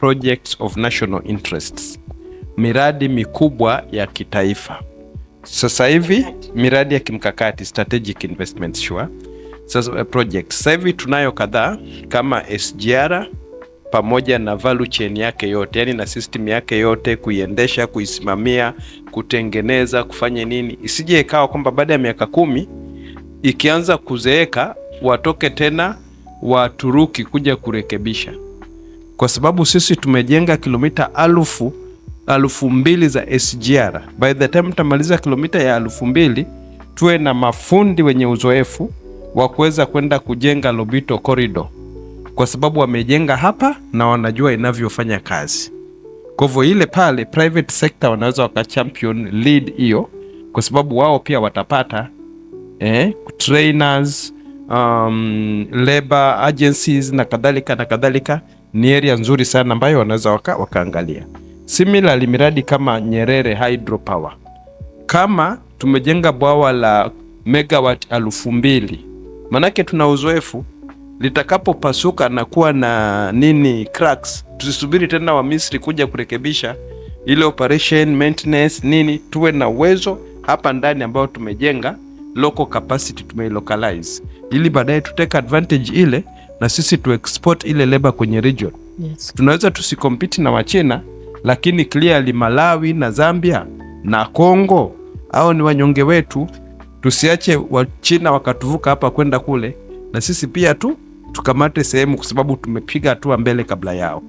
projects of national interests, miradi mikubwa ya kitaifa. Sasa hivi miradi ya kimkakati strategic investments, sure. Sasa eh, project sasa hivi tunayo kadhaa kama SGR pamoja na value chain yake yote, yani na system yake yote, kuiendesha, kuisimamia, kutengeneza, kufanya nini, isije ikawa kwamba baada ya miaka kumi ikianza kuzeeka watoke tena Waturuki kuja kurekebisha kwa sababu sisi tumejenga kilomita alfu alufu mbili za SGR. By the time tutamaliza kilomita ya alufu mbili tuwe na mafundi wenye uzoefu wa kuweza kwenda kujenga Lobito corridor, kwa sababu wamejenga hapa na wanajua inavyofanya kazi. Kwa hivyo ile pale private sector wanaweza waka champion lead hiyo, kwa sababu wao pia watapata eh, trainers, um, labor agencies na kadhalika na kadhalika ni area nzuri sana ambayo wanaweza waka, wakaangalia. Similarly, miradi kama Nyerere Hydropower, kama tumejenga bwawa la megawati alufu mbili manake tuna uzoefu, litakapopasuka na kuwa na nini cracks, tusisubiri tena Wamisri kuja kurekebisha ile operation maintenance nini, tuwe na uwezo hapa ndani ambao tumejenga local capacity, tumeilocalize ili baadaye tuteka advantage ile na sisi tu export ile leba kwenye region yes. Tunaweza tusikompiti na Wachina, lakini clearly Malawi na Zambia na Kongo au ni wanyonge wetu. Tusiache Wachina wakatuvuka hapa kwenda kule, na sisi pia tu tukamate sehemu, kwa sababu tumepiga hatua mbele kabla yao.